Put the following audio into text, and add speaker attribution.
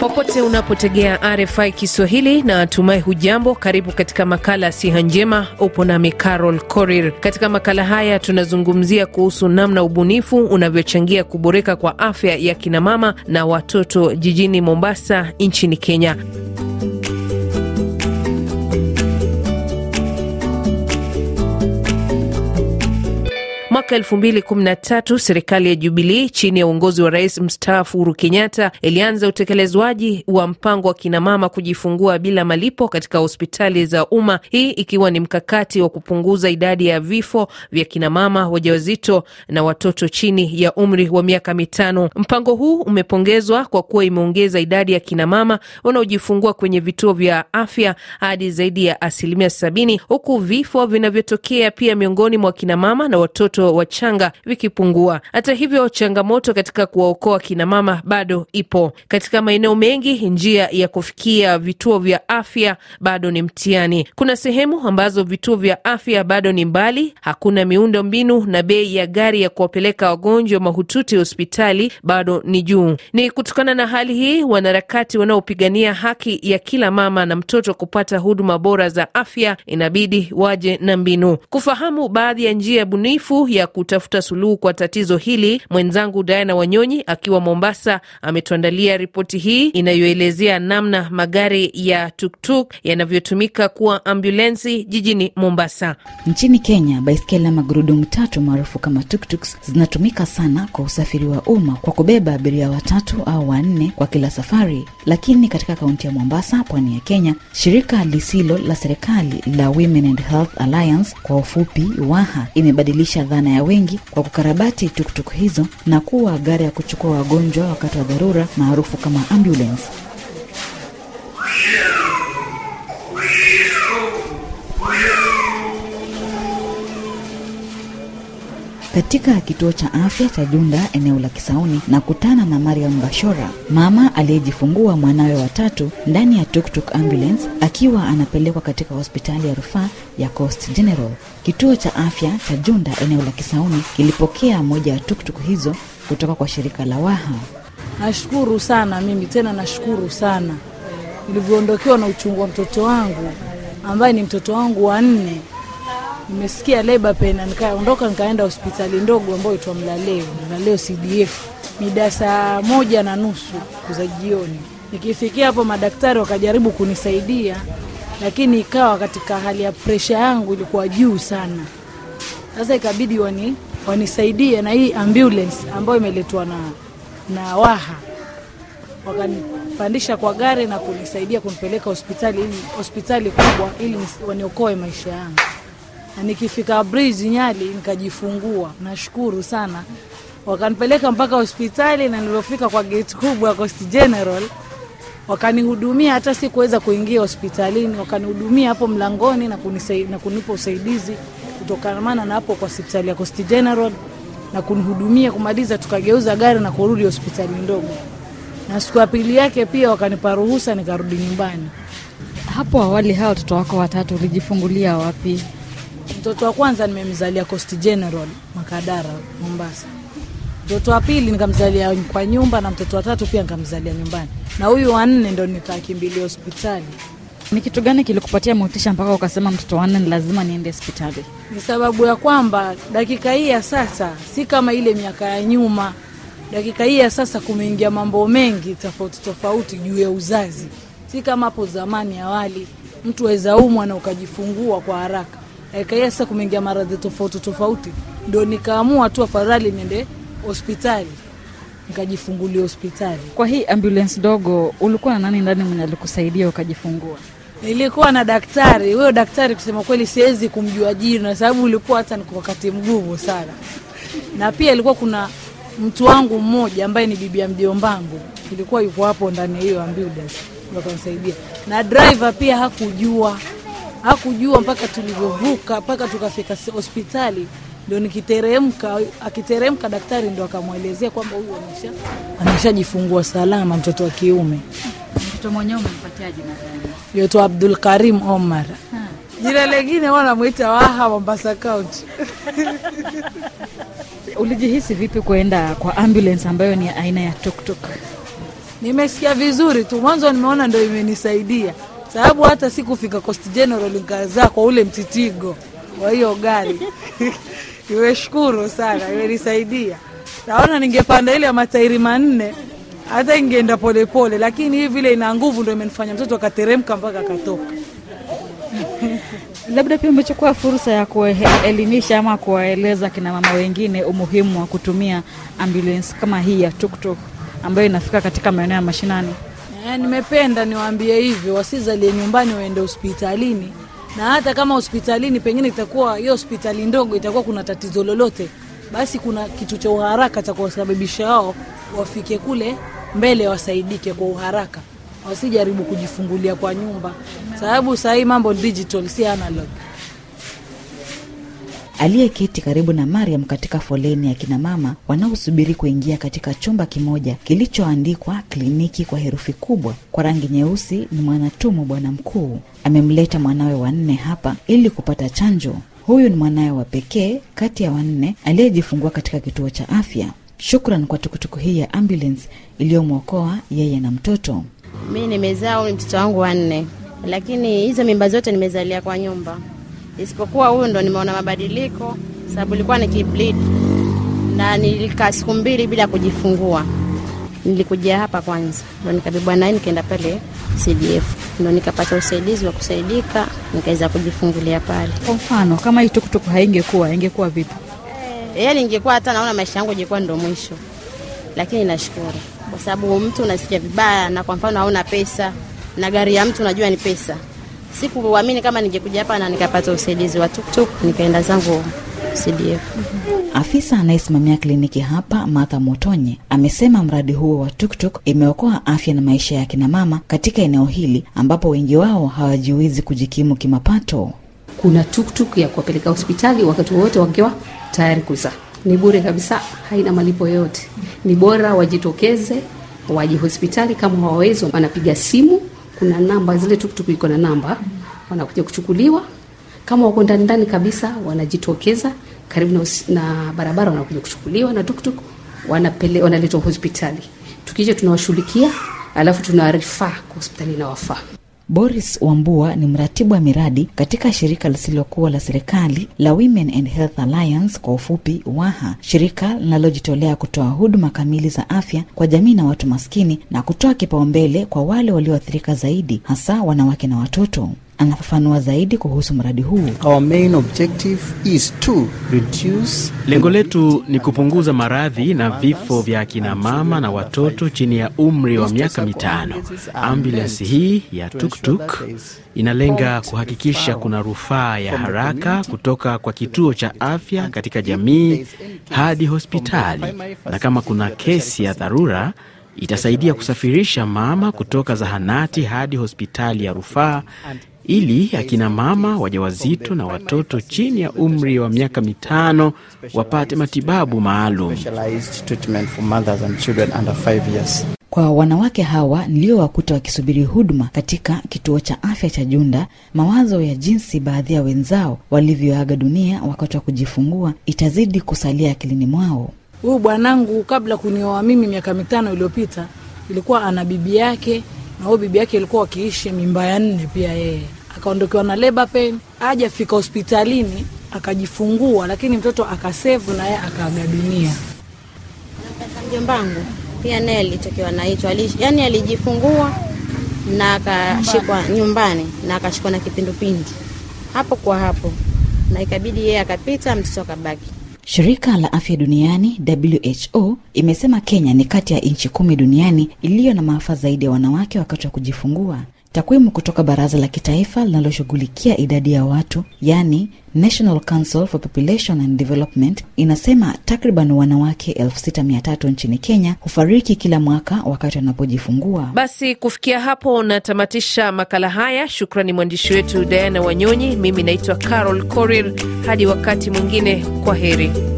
Speaker 1: popote unapotegea RFI Kiswahili na tumai hujambo. Karibu katika makala siha njema, upo nami Carol Korir. Katika makala haya tunazungumzia kuhusu namna ubunifu unavyochangia kuboreka kwa afya ya kinamama na watoto jijini Mombasa nchini Kenya. Mwaka elfu mbili kumi na tatu serikali ya Jubilii chini ya uongozi wa rais mstaafu Uhuru Kenyatta ilianza utekelezwaji wa mpango wa kinamama kujifungua bila malipo katika hospitali za umma, hii ikiwa ni mkakati wa kupunguza idadi ya vifo vya kinamama wajawazito na watoto chini ya umri wa miaka mitano. Mpango huu umepongezwa kwa kuwa imeongeza idadi ya kinamama wanaojifungua kwenye vituo vya afya hadi zaidi ya asilimia sabini, huku vifo vinavyotokea pia miongoni mwa kinamama na watoto wachanga vikipungua. Hata hivyo, changamoto katika kuwaokoa kinamama bado ipo. Katika maeneo mengi, njia ya kufikia vituo vya afya bado ni mtihani. Kuna sehemu ambazo vituo vya afya bado ni mbali, hakuna miundo mbinu, na bei ya gari ya kuwapeleka wagonjwa mahututi hospitali bado ni juu. Ni kutokana na hali hii, wanaharakati wanaopigania haki ya kila mama na mtoto kupata huduma bora za afya inabidi waje na mbinu. Kufahamu baadhi ya njia bunifu ya kutafuta suluhu kwa tatizo hili. Mwenzangu Diana Wanyonyi akiwa Mombasa ametuandalia ripoti hii inayoelezea namna magari ya tuktuk yanavyotumika kuwa ambulensi jijini Mombasa.
Speaker 2: Nchini Kenya, baiskeli na magurudumu tatu maarufu kama tuktuks zinatumika sana kwa usafiri wa umma kwa kubeba abiria watatu au wanne kwa kila safari, lakini katika kaunti ya Mombasa, pwani ya Kenya, shirika lisilo la serikali la Women and Health Alliance, kwa ufupi WAHA, imebadilisha dhana na ya wengi kwa kukarabati tuktuk hizo na kuwa gari ya kuchukua wagonjwa wakati wa dharura maarufu kama ambulance. Katika kituo cha afya cha Junda eneo la Kisauni na kutana na Mariam Bashora, mama aliyejifungua mwanawe watatu ndani ya tuktuk ambulance akiwa anapelekwa katika hospitali ya rufaa ya Coast General. Kituo cha afya cha Junda eneo la Kisauni kilipokea moja ya tuktuk hizo kutoka kwa shirika la Waha.
Speaker 3: Nashukuru sana mimi tena, nashukuru sana nilivyoondokewa na uchungu wa mtoto wangu ambaye ni mtoto wangu wa nne nimesikia leba pena, nikaondoka nikaenda hospitali ndogo ambayo itwa Mlaleo, Mlaleo CDF mida saa moja na nusu kuza jioni. Nikifikia hapo, madaktari wakajaribu kunisaidia, lakini ikawa katika hali ya presha yangu ilikuwa juu sana. Sasa ikabidi wani, wanisaidie na hii ambulance ambayo imeletwa na, na Waha wakanipandisha kwa gari na kunisaidia kunipeleka hospitali, hospitali kubwa ili waniokoe maisha yangu na nikifika Bridge Nyali nikajifungua. Nashukuru sana, wakanipeleka mpaka hospitali, na nilipofika kwa gate kubwa ya Coast General wakanihudumia, hata sikuweza kuingia hospitalini, wakanihudumia hapo mlangoni na, kunisai, na kunipa usaidizi kutokana na hapo kwa hospitali ya Coast General na kunihudumia kumaliza, tukageuza gari na kurudi hospitali ndogo, na siku ya pili yake pia wakanipa ruhusa nikarudi nyumbani. Hapo awali, hao watoto wako
Speaker 2: watatu ulijifungulia wapi?
Speaker 3: Mtoto wa kwanza nimemzalia Coast General Makadara, Mombasa. Mtoto wa pili nikamzalia kwa nyumba, na mtoto wa tatu pia nikamzalia nyumbani, na huyu wa nne ndo nikakimbilia hospitali.
Speaker 2: Ni kitu gani kilikupatia motisha mpaka ukasema mtoto wanne nne lazima niende hospitali?
Speaker 3: Ni sababu ya kwamba dakika hii ya sasa si kama ile miaka ya nyuma. Dakika hii ya sasa kumeingia mambo mengi tofauti tofauti juu ya uzazi, si kama hapo zamani. Awali mtu aweza umwa na ukajifungua kwa haraka. Ikaia eh, sasa kumeingia maradhi tofauti tofauti, ndo nikaamua tu afadhali niende hospitali nikajifungulia hospitali. Kwa hii ambulance dogo, ulikuwa na nani ndani mwenye alikusaidia ukajifungua? Nilikuwa na daktari. Huyo daktari kusema kweli siwezi kumjua jina, sababu ulikuwa hata ni wakati mgumu sana, na pia ilikuwa kuna mtu wangu mmoja ambaye ni bibia mjombangu, ilikuwa yuko hapo ndani hiyo ambulance, akamsaidia na driver pia hakujua hakujua mpaka tulivyovuka mpaka tukafika hospitali ndio nikiteremka, akiteremka daktari ndo akamwelezea kwamba huyu amesha ameshajifungua salama, mtoto wa kiume. Mtoto mwenyewe umempatiaje nadhani Yoto Abdul Karim Omar. Hmm. Jina lengine wao namuita Waha Mombasa kaunti Ulijihisi vipi kuenda kwa ambulance ambayo ni aina ya tuktuk? Nimesikia vizuri tu, mwanzo nimeona ndo imenisaidia sababu hata sikufika Coast General nikazaa kwa ule mtitigo wa hiyo gari iweshukuru sana, imenisaidia. Naona ningepanda ile ya matairi manne hata ingeenda polepole, lakini hii vile ina nguvu ndio imenifanya mtoto akateremka mpaka akatoka.
Speaker 2: Labda pia umechukua fursa ya kuelimisha ama kuwaeleza kina mama wengine umuhimu wa kutumia ambulensi kama hii ya tuktuk ambayo inafika katika maeneo ya mashinani.
Speaker 3: Eh, nimependa niwaambie hivyo, wasizalie nyumbani, waende hospitalini, na hata kama hospitalini pengine itakuwa hiyo hospitali ndogo, itakuwa kuna tatizo lolote, basi kuna kitu cha uharaka cha kuwasababisha wao wafike kule mbele, wasaidike kwa uharaka, wasijaribu kujifungulia kwa nyumba, sababu sahii mambo digital, si analog
Speaker 2: aliyeketi karibu na Mariam katika foleni ya kinamama wanaosubiri kuingia katika chumba kimoja kilichoandikwa kliniki kwa herufi kubwa kwa rangi nyeusi. Ni Mwanatumu bwana mkuu amemleta mwanawe wanne hapa ili kupata chanjo. Huyu ni mwanawe wa pekee kati ya wanne aliyejifungua katika kituo cha afya. Shukran kwa tukutuku hii ya ambulance iliyomwokoa yeye na mtoto.
Speaker 4: Mi nimezaa huyu mtoto wangu wanne, lakini hizo mimba zote nimezalia kwa nyumba isipokuwa huyu ndo nimeona mabadiliko, sababu ilikuwa ni nikibleed na nilikaa siku mbili bila kujifungua. Nilikuja hapa kwanza, ndo nikabibwa nai nikaenda pale CDF ndo nikapata usaidizi wa kusaidika nikaweza kujifungulia pale.
Speaker 2: Kwa mfano kama hii tukutuku haingekuwa ingekuwa vipi?
Speaker 4: e, eh, Yani ingekuwa hata naona maisha yangu ingekuwa ndo mwisho, lakini nashukuru kwa sababu mtu unasikia vibaya, na kwa mfano hauna pesa na gari ya mtu unajua ni pesa Sikuamini kama ningekuja hapa na nikapata usaidizi wa tuktuk, nikaenda zangu CDF.
Speaker 2: Afisa anayesimamia kliniki hapa Martha Motonye amesema mradi huo wa tuktuk imeokoa afya na maisha ya kina mama katika eneo hili ambapo wengi wao hawajiwezi kujikimu kimapato. Kuna tuktuk ya kuwapeleka hospitali wakati wowote wakiwa tayari kuzaa, ni bure kabisa, haina malipo yoyote. Ni bora wajitokeze, waje hospitali, kama wawezi wanapiga simu kuna namba zile tuktuk iko na namba, wanakuja kuchukuliwa. Kama wako ndani ndani kabisa, wanajitokeza karibu na, na barabara, wanakuja kuchukuliwa na tuktuk, wanapele wanaletwa hospitali. Tukija tunawashughulikia, alafu tunawarifaa kwa hospitali inawafaa. Boris Wambua ni mratibu wa miradi katika shirika lisilokuwa la serikali la Women and Health Alliance, kwa ufupi WAHA, shirika linalojitolea kutoa huduma kamili za afya kwa jamii na watu maskini na kutoa kipaumbele kwa wale walioathirika zaidi, hasa wanawake na watoto anafafanua zaidi kuhusu mradi huu.
Speaker 4: Our main objective is to
Speaker 2: reduce...
Speaker 1: lengo letu ni kupunguza maradhi na vifo vya akina mama na watoto chini ya umri wa miaka mitano. Ambulansi hii ya tuktuk inalenga kuhakikisha kuna rufaa ya haraka kutoka kwa kituo cha afya katika jamii hadi hospitali, na kama kuna kesi ya dharura itasaidia kusafirisha mama kutoka zahanati hadi hospitali ya rufaa ili akina mama wajawazito na watoto chini ya umri wa miaka mitano wapate matibabu maalum.
Speaker 2: Kwa wanawake hawa niliowakuta wakisubiri huduma katika kituo cha afya cha Junda, mawazo ya jinsi baadhi ya wenzao walivyoaga dunia wakati wa kujifungua itazidi kusalia akilini mwao.
Speaker 3: Huyu bwanangu kabla kunioa mimi miaka mitano iliyopita ilikuwa ana bibi yake, na huyo bibi yake ilikuwa wakiishi mimba ya nne pia yeye akaondokewa na labor pain, aja fika hospitalini akajifungua, lakini mtoto akasevu naye akaaga dunia. Mjombangu pia naye alitokewa
Speaker 4: na hicho, yani alijifungua na akashikwa nyumbani na akashikwa na kipindupindu hapo kwa hapo, na ikabidi yeye akapita, mtoto akabaki.
Speaker 2: Shirika la Afya Duniani WHO imesema Kenya ni kati ya nchi kumi duniani iliyo na maafa zaidi ya wanawake wakati wa kujifungua Takwimu kutoka baraza la kitaifa linaloshughulikia idadi ya watu yaani National Council for Population and Development inasema takriban wanawake 63 nchini Kenya hufariki kila mwaka wakati wanapojifungua.
Speaker 1: Basi kufikia hapo natamatisha makala haya. Shukrani mwandishi wetu Diana Wanyonyi. Mimi naitwa Carol corir Hadi wakati mwingine, kwa heri.